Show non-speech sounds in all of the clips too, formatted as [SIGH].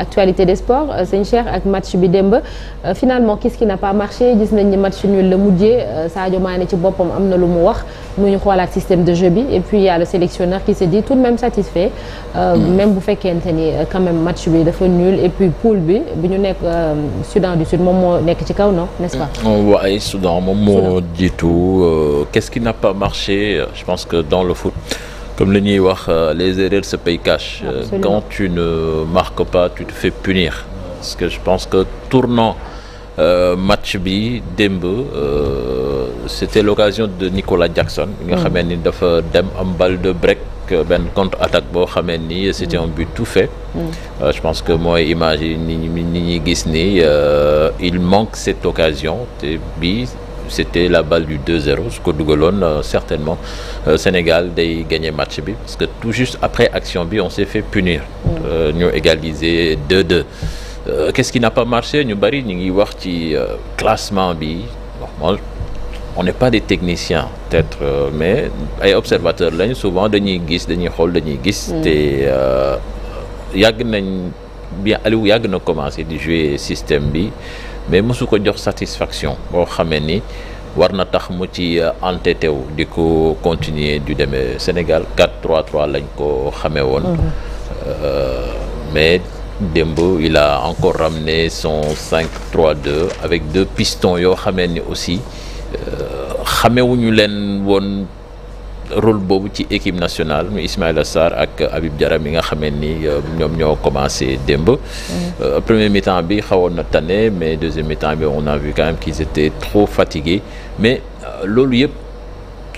actualité des sports euh, sëñ Cheikh ak match bi démb euh, finalement qu'est-ce qui n'a pas marché gis nañ ni match nul la mujjee euh, Sadio ci boppam am na lu mu wax mu ñu xoolaat système de jeu bi et puis il y a le sélectionneur qui se dit tout de même satisfait mm. même bu fekkente ni quand même match bi dafa nul et puis poule bi bi ñu nekk Soudan du Sud moom moo nekk ci kaw non n'est-ce pas mm. oh, waaye Soudan moom moo jiitu qu'est-ce qui n'a pas marché je pense que dans le foot comme li ñuy wax les erreurs se payent cash. Euh, Absolument. quand tu ne marques pas tu te fais punir. parce que je pense que tournant euh, match bi démb euh, c'était l'occasion de Nicolas Jackson. bi nga mm. xamee ni dafa dem am balle de break euh, benn contre-attaque boo xamee ni mm. c'était un but tout fait. Mm. Euh, je pense que mooy image yi ni ñuy gis ni il manque cette occasion te bi. c'était la balle du 2-0 su ko dugaloon euh, certainement euh, Sénégal day gagné match bi parce que tout juste après action bi on s'est fait punir mm. euh, ñu égaliser 2-2 qu'est-ce qui n'a pas marché ñu bari ñu ngi wax ci classement bi normal on n'est pas des techniciens peut-être mais ay observateurs lañ souvent dañuy gis dañuy xool dañuy gis mm. te yàgg nañ bien Aliou yàgg na commencé di jouer système bi mais mosu ko jox satisfaction boo xamee ni war na tax mu ci euh, entêté wu di ko continuer du demee Sénégal 4-3-3 lañ ko xamee woon. Mhm. Euh, mais démb il a encore ramené son 5-3-2 avec deux pistons yoo xamee ni aussi euh, xamewuñu leen woon. rôle boobu ci équipe nationale mu Ismaïla ak Habib Diarra mi nga xamee ni euh, ñoom ñoo commencé démb. Mm. Euh, premier mi-temps bi xawoon na tane mais deuxième mi bi on a vu quand même qu'ils étaient trop fatigués mais euh, loolu yëpp.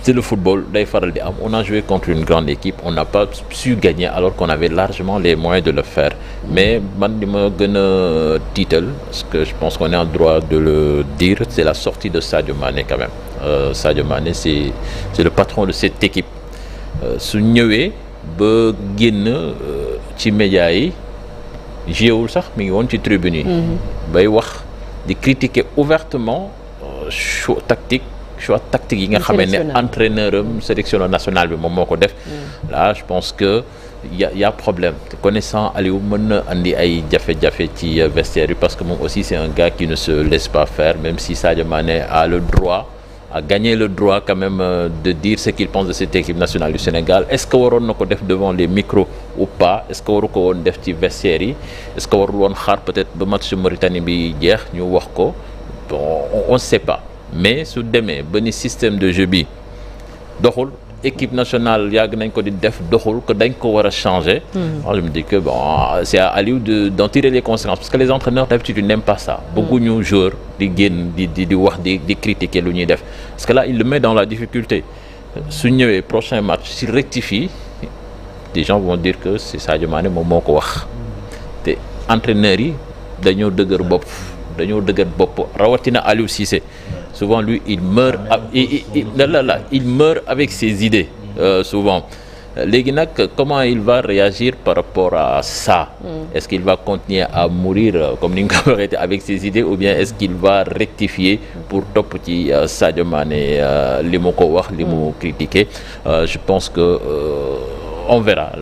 c'est le football day faral di am on a joué contre une grande équipe on n'a pas su gagner alors qu'on avait largement les moyens de le faire mais man li ma gën a tiital parce que de le dire c'est la sortie de Sadio Mané quand même euh, Sadio Mané c'est le patron de cette équipe euh, su ñëwee ba génn euh, ci médias yi jéewul sax mi ngi woon ci tribune yi mhm. bay wax di critiquer ouvertement choix euh, tactique choix tactique yi nga xamee ne entraîneur am sélectionneur national bi moom moo ko def mm. là je pense que y a y a problème te connaissant Aliou mën na indi ay jafe-jafe ci euh, vestiaire yi parce que moom aussi c'est un gars qui ne se laisse pas faire même si sa Mané a le droit a gagné le droit quand même euh, de dire ce qu'il pense de cette équipe nationale du Sénégal est-ce que waroon na ko def devant les micros ou pas est-ce que waru ko woon def ci vestiaire yi est-ce que warul woon xaar peut-être ba match Mauritanie bi jeex ñu wax ko bon mais su demee ba ni système de jeu bi doxul équipe nationale yàgg nañ ko di def doxul ko dañ ko war a changer. Hmm. je me dis que c'est à Aliou de d'en tirer les conséquences parce que les entraîneurs d'habitude ils n'aiment pas ça. Hmm. bëgguñu joueur di génn di di di wax di di critiquer lu ñuy def parce que là il le met dans la difficulté su ñëwee prochain match s'il rectifie des gens vont dire que c'est Sadio Mané moom moo ko wax hmm. te entraîneurs yi dañoo dëgër bopp dañoo dëgër bopp rawatina Aliou Cissé. souvent lui, il meurt, ah, il, il, il, là, là, il meurt avec ses idées, euh, souvent. Léegi nag comment il va réagir par rapport à ça mm. est-ce qu'il va continuer à mourir euh, comme ni nga ko waxee avec ses idées ou bien est-ce qu'il va rectifier pour topp ci euh, Sadio Mané euh, li mu ko wax li mu mm. critiqué je pense que euh, on verra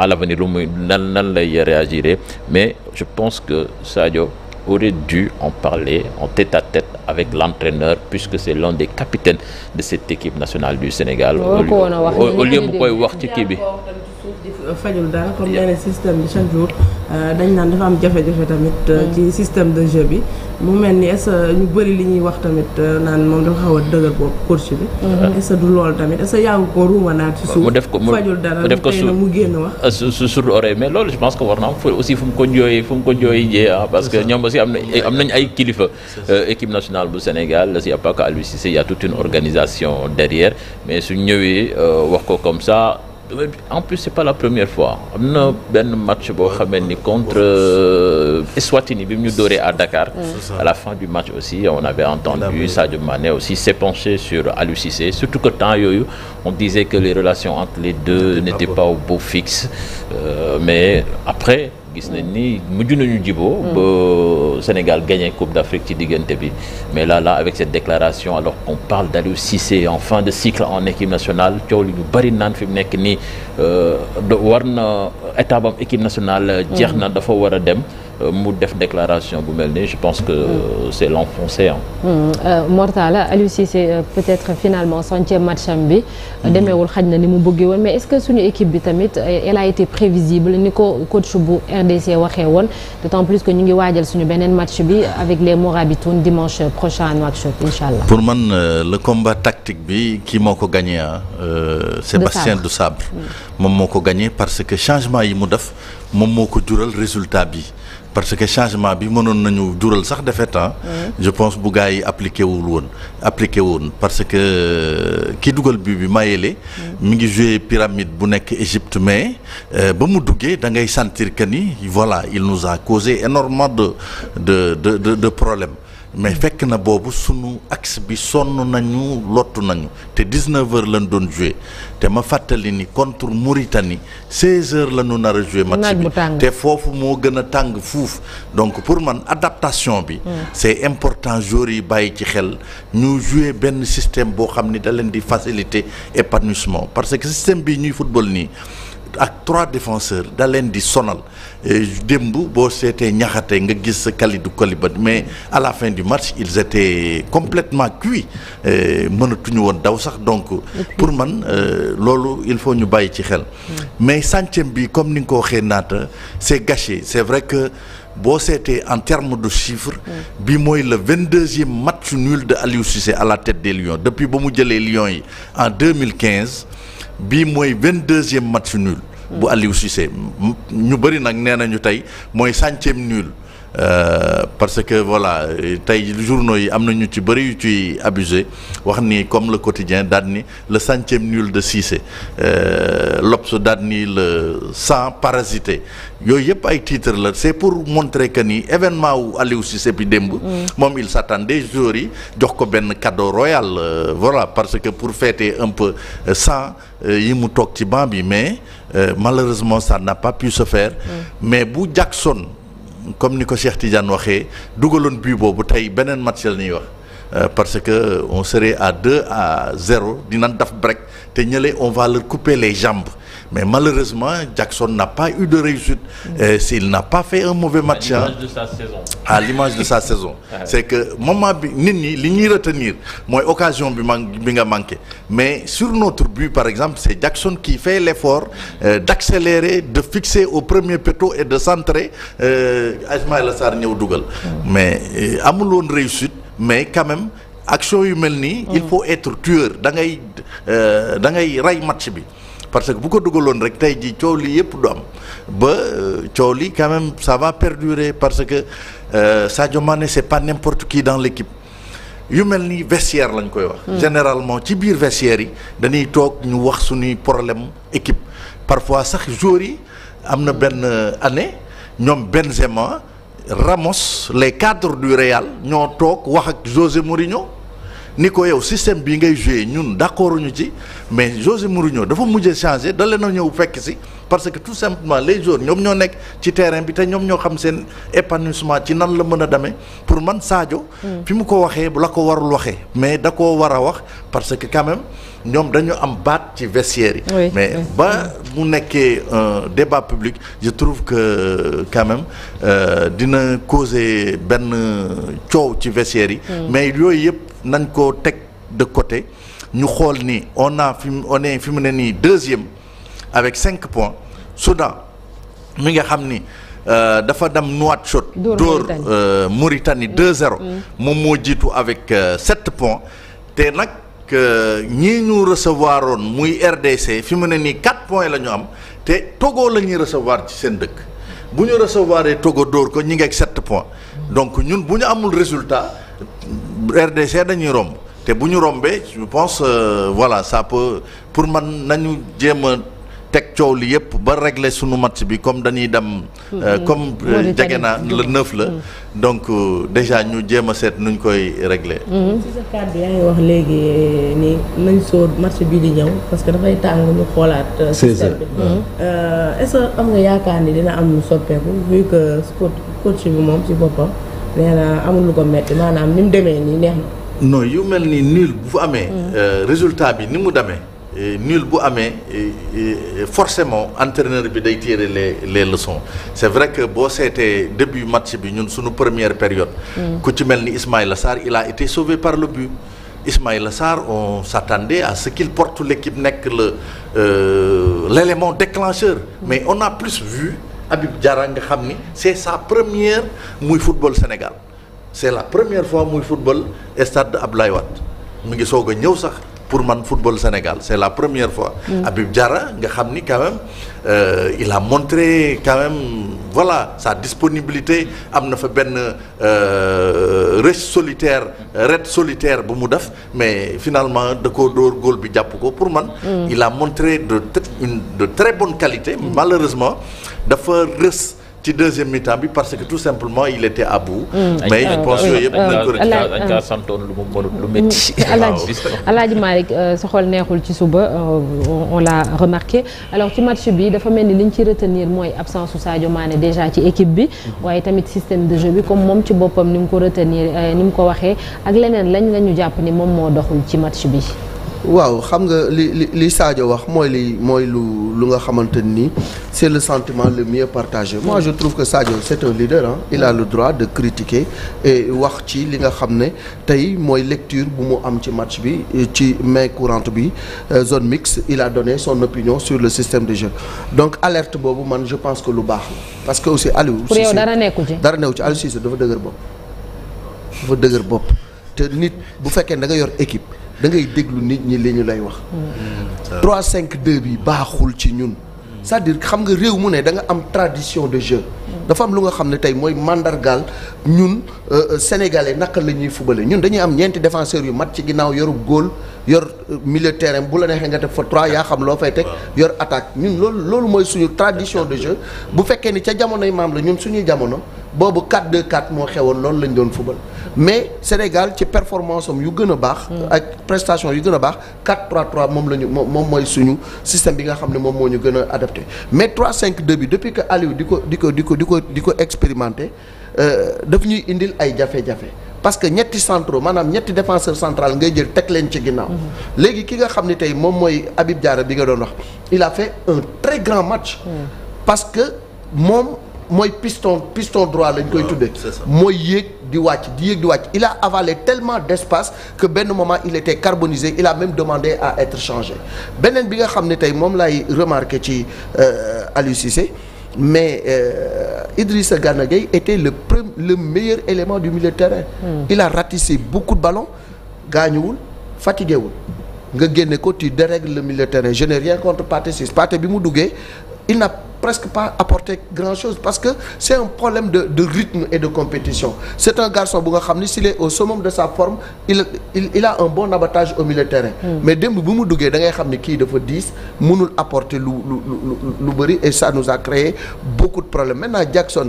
à l'avenir lu muy nan nan lay réagir mais je pense que Sadio aurait dû en parler en tête à tête avec l'entraîneur puisque c'est l'un des capitaines de cette équipe nationale du Sénégal au lieu mu koy wax ci kii bi euh, fajul daal comme Euh, dañ naan dafa am jafe-jafe tamit. Euh, mm. ci système de jeu bi. mu mel ni est ñu bëri li ñuy wax tamit euh, naan moom dafa xaw a dëgër boobu coach bi. Mm-hmm. est-ce que du loolu tamit est-ce que yaa ngi ko ruumanaat ci suuf. mu def ko mu def ko mu génn wax. su sur oreille mais loolu je pense que war na am fu aussi fu mu ko jooyee fu mu ko jooyee jee ah. parce que ñoom aussi am na am nañ ay kilifa. équipe nationale bu Sénégal la si à pas que Aliou Cissé une organisation derrière mais su ñëwee wax ko comme ça. en plus c'est pas la première fois am na benn match boo xamee ni contre euh, Eswatini bi mu ñu dóoree à Dakar. Mm. à la fin du match aussi on avait entendu Sadio Mané aussi s'épancher sur Aliou Cissé surtout que temps yooyu on disait que les relations entre les deux n'étaient pas au beau fixe euh, mais après. gis nañ ni mujj nañu jibo mm. ba Sénégal gagné Coupe d'Afrique ci diggante bi mais là là avec cette déclaration alors qu'on parle d'Aliou Cissé en fin de cycle en équipe nationale coow li ñu bari naan fi mu nekk nii euh, war na état bam équipe nationale jeex na mm. dafa war a dem mu def déclaration bu mel nii je pense que euh, c'est l'enfoncé hmm, euh, Mortala Aliou Cissé euh, peut-être finalement centième match am bi hmm. demeewul xaj na ni mu bëggee woon mais est-ce que suñu équipe bi tamit elle a été prévisible ni ko coach bu RDC waxee woon d'autant plus que ñu ngi waajal suñu beneen match bi avec les Morabitoun dimanche prochain à Nouakchott inchallah pour man le combat tactique bi kii moo ko gagné ah Sébastien Desabre moom moo ko gagné parce que changement yi mu def moom moo ko jural résultat bi parce que changement bi mënoon nañu jural sax defee temps mm. je pense bu gars yi appliqué wul woon appliqué woon parce que euh, ki dugal bi bi Mayele mm. mi ngi joué pyramide bu nekk Égypte mais euh, ba mu duggee da ngay sentir que ni voilà il nous a causé énormément de de de de, de problèmes mais fekk na boobu sunu axe bi sonn nañu lott nañu te 19 heures lañ doon joué te ma fàttali ni contre Mauritanie 16 heures la ñu nar a joué match bi te foofu moo gën a tàng fuuf donc pour man adaptation bi hmm. c'est important joueurs yi bàyyi ci xel ñu joué benn système boo xam ni da leen di faciliter épanouissement parce que système bi ñuy football nii ak trois défenseurs da leen di sonal démb boo seetee ñaxate nga gis sa Kalidou Koulibaly mais à la fin du match ils étaient complètement cuits mënatuñu woon daw sax donc pour man euh, loolu il faut ñu bàyyi ci xel mais centième bi comme ni nga ko waxee naata c'est gâché c'est vrai que boo seetee en terme de chiffres bi mooy le vingt deuxième match nul de Aliou Cissé à la tête des Lions depuis ba mu jëlee Lions yi en deux mille quinze bii mooy vingt deuxième match nul. bu Aliou Cissé ñu bëri nag nee nañu tey mooy centième nul. Euh, parce que voilà tey journaux yi am na ñu ci bëri yu ciy abusé wax ni comme le quotidien daal ni le centième nul de Cissé euh, l'Obs daal ni le sang parasité yooyu yëpp ay titres la c'est pour montrer que ni événement wu Aliou Cissé bi démb mm. moom il s'attendait joueurs yi jox ko benn cadeau royal euh, voilà parce que pour fêter un peu sang yi mu toog ci banc bi mais malheureusement ça n'a pas pu se faire mm. mais bu Jackson comme ni ko Cheikh Tidiane waxee dugaloon bii boobu tey beneen match la ñuy wax euh, parce que on serait à deux à zéro dina daf break te ñële on va leur couper les jambes mais malheureusement Jackson n'a pas eu de réussite s'il n'a pas fait un mauvais match à l'image de sa saison à [LAUGHS] c'est que moment bi nit ñi li ñuy retenir mooy occasion bi man nga manqué mais sur notre but par exemple c'est Jackson qui fait l'effort euh, de fixer au premier péto et de centrer euh, Ismaïla Sarr ñëw dugal mm. mais euh, amuloon réussite mais quand même action yu mel nii il mm. faut être tueur da ngay euh, da ngay rey match bi parce que bu ko dugaloon rek tey jii coow lii yëpp du am ba euh, coow li quand même ça perdurer parce que euh, Sadio Mané c'est pas n'importe qui dans l'équipe yu mel ni vestiaire lañ koy wax. Hmm. généralement ci biir vestiaire yi dañuy toog ñu wax suñuy problème équipe parfois sax joueurs yi am na benn euh, année ñoom Benzema Ramos les cadres du Real ñoo toog wax ak José Mourinho. ni ko yow système bi ngay joué ñun d'accord ñu ci mais José Mourinho dafa mujjee changé da leen a ñëw fekk si parce que tout simplement les joueurs ñoom ñoo nekk ci terrain bi te ñoom ñoo xam seen épanouissement ci nan la mën a demee pour man Sadio. Hmm. fi mu ko waxee bu la ko warul waxee. mais da koo war a wax parce que quand ñoom dañu am baat ci vestiaire yi. mais ba mu nekkee un débat public je trouve que quand même euh, dina causer benn coow ci vestiaire yi. Hmm. mais yooyu yëpp. nañ ko teg de côté ñu xool ni on a fi on est fi mu ne nii deuxième avec cinq points Soudan mi nga xam ni euh, dafa dem Nouakchott dóor Mauritanie euh, mm. deux 0 mm. moom moo jiitu avec euh, sept points te nag ñii ñu resevoir oon muy RDC fi mu ne nii quatre points la ñu am te Togo la ñuy recevoir ci seen dëkk bu ñu recevoir Togo dóor ko ñi ngi ak sept points donc ñun bu ñu amul résultat RDC dañuy romb te bu ñu rombee je pense euh, voilà ça pour man nañu jéem a teg coow li yëpp ba régler sunu match bi comme dañuy dem. Euh, mm-hmm. comme euh, jege na le neuf la. Mm-hmm. donc déjà ñu jéem a seet nuñ koy régler. ci mm-hmm. sa kàddu yaa ngi wax léegi ni nañ sóor match bi di ñëw parce que dafay tàng ñu xoolaat. système est am nga yaakaar ni dina am soppeeku vu que coach bi moom ci boppam. nee na amul lu ko metti maanaam ni mu demee nii neex na. non yu mel ni nul bu amee. Mm. Euh, résultat bi ni mu demee. Euh, nul bu amee euh, forcément entraîneur bi day tirer les les leçons c' est vrai que boo seetee début match bi ñun suñu première période. Mm. ku ci mel ni Ismaïla Sarr il a été sauvé par le but la Sarr on s'attendait à ce qu'il porte l' équipe nekk le euh, l' élément déclencheur. Mm. mais on a plus vu. Habib Diarra nga xam ni c'est sa première muy football Sénégal c'est la première fois muy football stade de Abdoulaye mu ngi soog a ñëw sax pour man football Sénégal c'est la première fois. Mm. Habib Diarra nga xam ni quand même euh, il a montré quand voilà sa disponibilité am na fa benn euh, reste solitaire ret solitaire bu mu def mais finalement da koo dóor góor bi jàpp ko pour man. Mm. il a montré de une très bonne qualité. Mm. malheureusement. dafa rës ci deuxième mi bi parce que tout simplement il était à bout. Mm. mais je pense yooyu yëpp neexul ci suba euh, on l'a remarqué alors ci match bi dafa mel ni liñ ñu ci retenir mooy absence su Sadio Mané déjà ci équipe bi. Mm-hmm. waaye tamit système de jeu bi comme moom ci boppam ni mu ko retenir euh, ni mu ko waxee ak leneen lañ la ñu jàpp ni moom moo doxul ci match bi. waaw xam nga li li li Sadio wax mooy li mooy lu lu nga xamante ni c'est le sentiment le mieux partagé moi je trouve que Sadio c'est un leader hein il a le droit de critiquer et wax ci li nga xam ne tey mooy lecture bu mu am ci match bi ci mais courante bi euh, zone mixte il la donné son opinion sur le système de jeu donc alerte boobu man je pense que lu baax la parce que aussi Aliou Cissé pour dara nekku ci dara nekku ci Aliou Cissé dafa dëgër bopp dafa dëgër bopp te nit bu fekkee da nga yor équipe da ngay déglu nit ñi li ñu lay wax. 3 hmm. cinq 2 bi baaxul ci ñun. cest à xam nga réew mu ne da nga am tradition de jeu. dafa am lu nga xam ne tey mooy mandargaal ñun euh, euh, sénégalais naka la ñuy fubale ñun dañuy am ñeenti défenseurs yu mat ci ginnaaw yoru góor yor euh, milieu terrain bu la neexee nga def fa trois yaa xam loo fay teg yor attaque ñun loolu loolu mooy suñu tradition de jeu bu fekkee ni ca jamonoy maam la ñun suñuy jamono boobu 4-2-4 moo xewoon loolu lañ doon fubal. mais Sénégal ci performance yu gën a baax. Hmm. ak prestation yu gën a baax 4-3-3 moom la ñu moom mooy suñu système bi nga xam ne moom moo ñu gën a adapté mais 3-5-2 bi depuis que Aliou di ko di ko di ko di ko di ko expérimenté euh, daf ñuy indil ay jafe-jafe. parce que ñetti centraux maanaam ñetti défenseur central ngay jël teg leen ci ginnaaw. Hmm. léegi ki nga xam ne tey moom mooy Habib Diarra bi nga doon wax. il a fait un très grand match. Hmm. parce que moom. mooy piston piston droit lañ koy tuddee mooy yéeg di wàcc di yéeg di wàcc il a avalé tellement d'espace que benn moment il était carbonisé il a même demandé à être changé beneen bi nga xam ne tey moom laay remarqué ci euh, Aliou Cissé mais euh, Idrissa Gana Gueye était le premier le meilleur élément du milieu terrain mm. il a ratissé beaucoup de ballons gaañuwul fatigué nga génne ko tu dérègles le milieu de terrain je n'ai rien contre Pathé Ciss Pathé bi mu duggee il n'a presque pas apporté grand chose parce que c'est un problème de de rythme et de compétition c'est un garçon bu nga xam ni s'il est au summum de sa forme il il, a un bon abattage au milieu terrain mm. mais démb bu mu duggee da ngay xam ni kii dafa diis mënul apporter lu lu lu lu bëri et ça nous a créé beaucoup de problèmes maintenant Jackson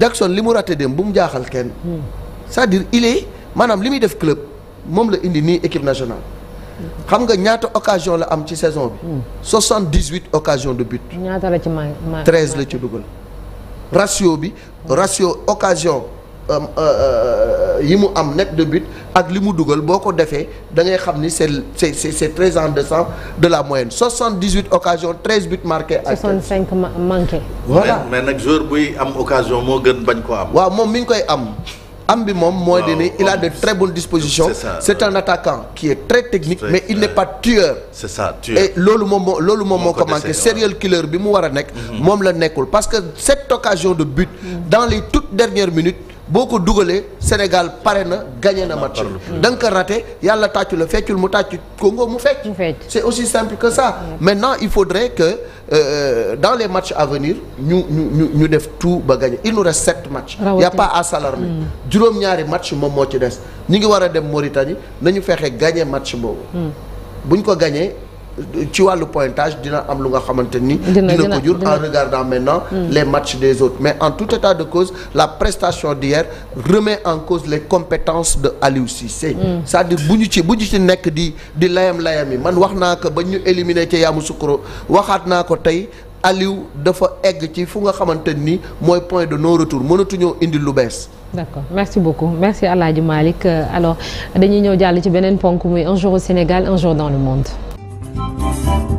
Jackson li mu raté démb bu mu jaaxal kenn hmm. c'est-à-dire il maanaam li muy def club moom la indi nii équipe nationale xam nga ñaata occasion la am ci saison bi. Hmm. dix 78 occasion de but. ñaata la ci man 13 la ci dugal. ratio bi ratio occasion euh, euh, yi mu am net de but ak li mu dugal boo ko defee da xam ni c'est c'est c'est treize en deçà de la moyenne soixante dix huit occasion treize buts marqués. ak soixante cinq manqués. voilà mais nag joueur buy am occasion moo gën bañ ko am. waaw moom mi koy am. am bi moom mooy de ne il a de très bonnes dispositions c'est un attaquant qui est très technique mais il n'est pas tueur et loolu moom moo loolu moom moo commencé manqué serial bi mu war a nekk mhm. moom la nekkul parce que cette occasion de but mhm. dans les toutes dernières minutes boo ko dugalee Sénégal pare na gagné na match mm. da nga yàlla tàccu la feccul mu tàccu Congo mu fecc c'est aussi simple que ça mm. maintenant il faudrait que euh, dans les matchs à ñu ñu ñu ñu def tout ba gagné il nous reste sept matchs il y à s'alarmer mm. juróom-ñaari match moom moo ci des ñu ngi war a dem Mauritanie nañu fexe gagné match boobu buñ ko gagné ci wàllu pointage dina am lu nga xamante ni. dina ko jur en regardant maintenant. Hmm. les matchs des autres mais en tout état de cause la prestation d'hier remet en cause les compétences de Aliou Cissé. Hmm. c'est-à-dire bu ñu ci bu ñu ci nekk di di layam layam yi man wax naa ko ba ñu ci ca Yamoussoukro waxaat naa ko tey. Aliou dafa egg ci fu nga xamante ni mooy point de non retour mënatuñoo indi lu bees. d'accord merci beaucoup merci El Hadj Malick euh, alors dañuy ñëw jàll ci beneen ponk muy un jour au Sénégal un jour dans Música